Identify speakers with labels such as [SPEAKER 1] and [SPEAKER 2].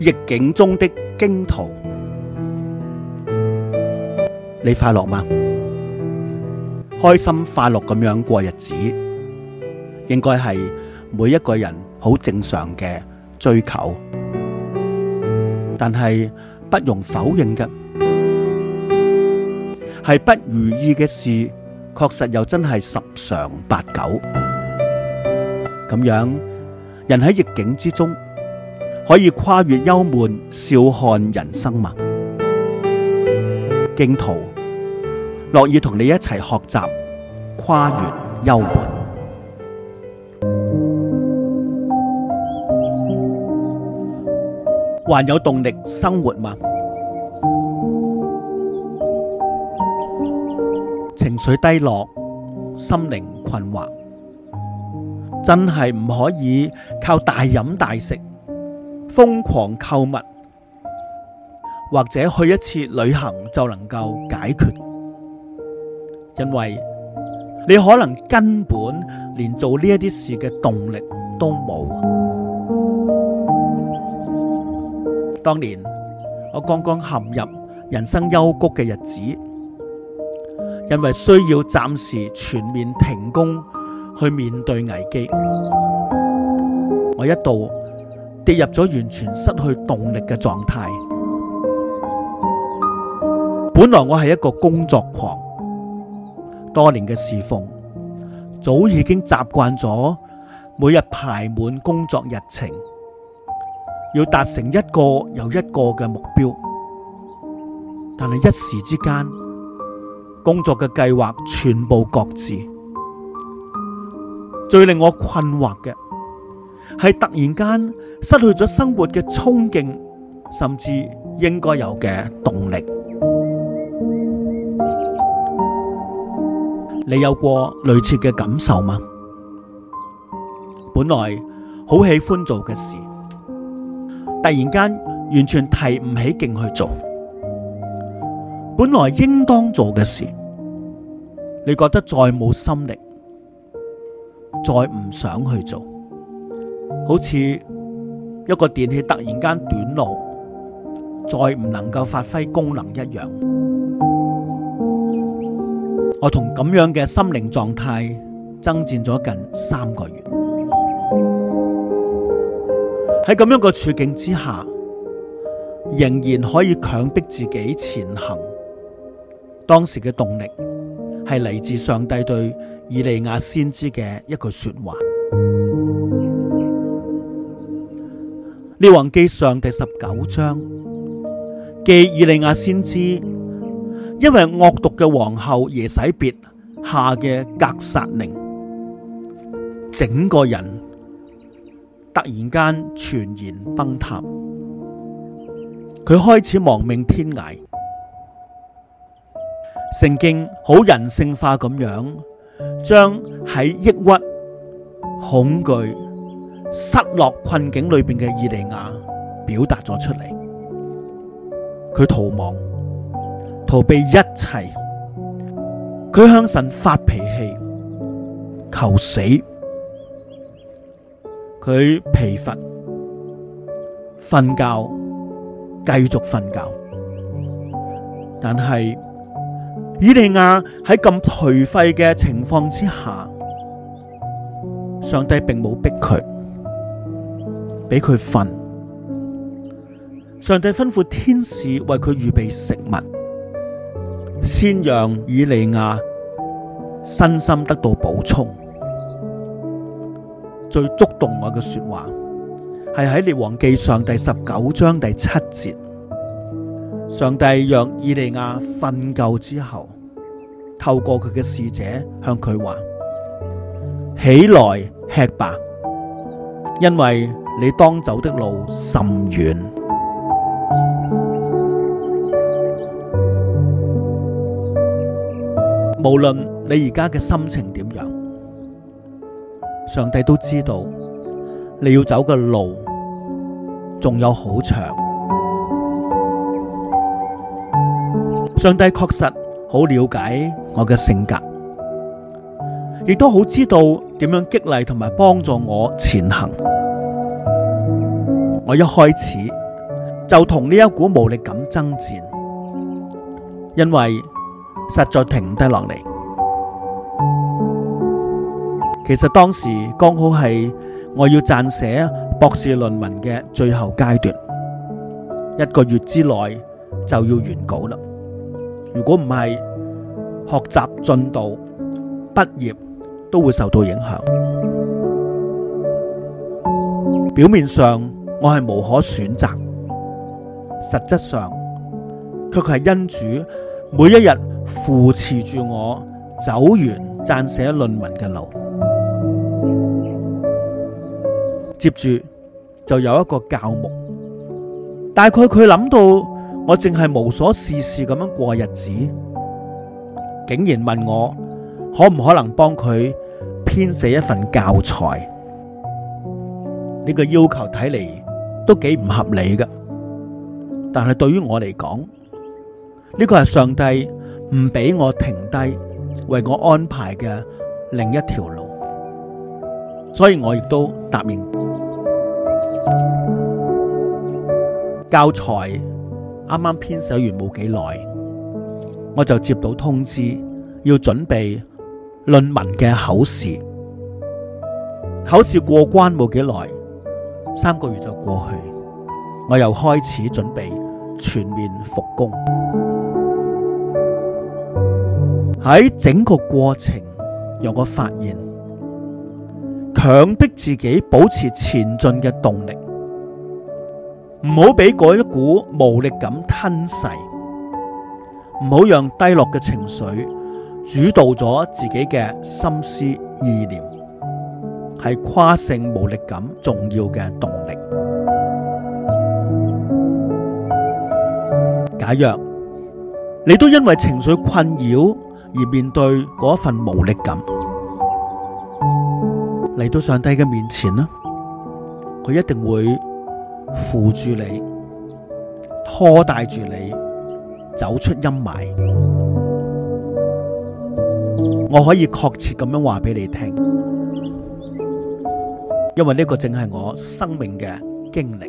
[SPEAKER 1] 逆境中的荊徒，你快樂嗎？開心快樂咁樣過日子，應該係每一個人好正常嘅追求。但係不容否認嘅，係不如意嘅事，確實又真係十常八九。咁樣，人喺逆境之中。可以跨越幽悶，笑看人生嗎？荊徒樂意同你一齊學習跨越幽悶。還有動力生活嗎？情緒低落，心靈困惑，真係唔可以靠大飲大食。瘋狂購物，或者去一次旅行就能夠解決，因為你可能根本連做呢一啲事嘅動力都冇。當年我剛剛陷入人生幽谷嘅日子，因為需要暫時全面停工去面對危機，我一度。跌入咗完全失去動力嘅狀態。本來我係一個工作狂，多年嘅事奉早已經習慣咗每日排滿工作日程，要達成一個又一個嘅目標。但係一時之間，工作嘅計劃全部擱置，最令我困惑嘅。係突然間失去咗生活嘅衝勁，甚至應該有嘅動力。你有過類似嘅感受嗎？本來好喜歡做嘅事，突然間完全提唔起勁去做；本來應當做嘅事，你覺得再冇心力，再唔想去做。好似一個電器突然間短路，再唔能夠發揮功能一樣。我同咁樣嘅心靈狀態爭戰咗近三個月，喺咁樣嘅處境之下，仍然可以強迫自己前行。當時嘅動力係嚟自上帝對以利亞先知嘅一句說話。列王記上第十九章，記以利亞先知，因為惡毒嘅皇后耶洗別下嘅格殺令，整個人突然間全然崩塌，佢開始亡命天涯。聖經好人性化咁樣，將喺抑鬱、恐懼、失落困境裏邊嘅以利亞表達咗出嚟，佢逃亡，逃避一切，佢向神發脾氣，求死，佢疲乏，瞓覺，繼續瞓覺，但係以利亞喺咁頹廢嘅情況之下，上帝並冇逼佢。俾佢瞓，上帝吩咐天使為佢預備食物，先讓以利亞身心得到補充，最觸動我嘅說話，係喺列王記上第十九章第七節。上帝讓以利亞瞓夠之後，透過佢嘅使者向佢話：起來吃吧，因為。你當走的路甚遠，無論你而家嘅心情點樣，上帝都知道你要走嘅路仲有好長。上帝確實好了解我嘅性格，亦都好知道點樣激勵同埋幫助我前行。我一開始就同呢一股無力感爭戰，因為實在停唔得落嚟。其實當時剛好係我要撰寫博士論文嘅最後階段，一個月之內就要完稿啦。如果唔係，學習進度、畢業都會受到影響。表面上，我係無可選擇，實質上卻係因主每一日扶持住我走完撰寫論文嘅路，接住就有一個教牧，大概佢諗到我淨係無所事事咁樣過日子，竟然問我可唔可能幫佢編寫一份教材？呢、這個要求睇嚟都幾唔合理嘅，但係對於我嚟講，呢、這個係上帝唔俾我停低，為我安排嘅另一條路，所以我亦都答應。教材啱啱編寫完冇幾耐，我就接到通知要準備論文嘅口試，口試過關冇幾耐，三個月就過去，我又開始準備全面復工。喺整個過程，有個發現：強迫自己保持前進嘅動力，唔好俾嗰一股無力感吞噬，唔好讓低落嘅情緒主導咗自己嘅心思意念。係跨性無力感重要嘅動力。假若你都因為情緒困擾而面對嗰一份無力感，嚟到上帝嘅面前呢，佢一定會扶住你，拖帶住你走出陰霾。我可以確切咁樣話俾你聽。因為呢個正係我生命嘅經歷。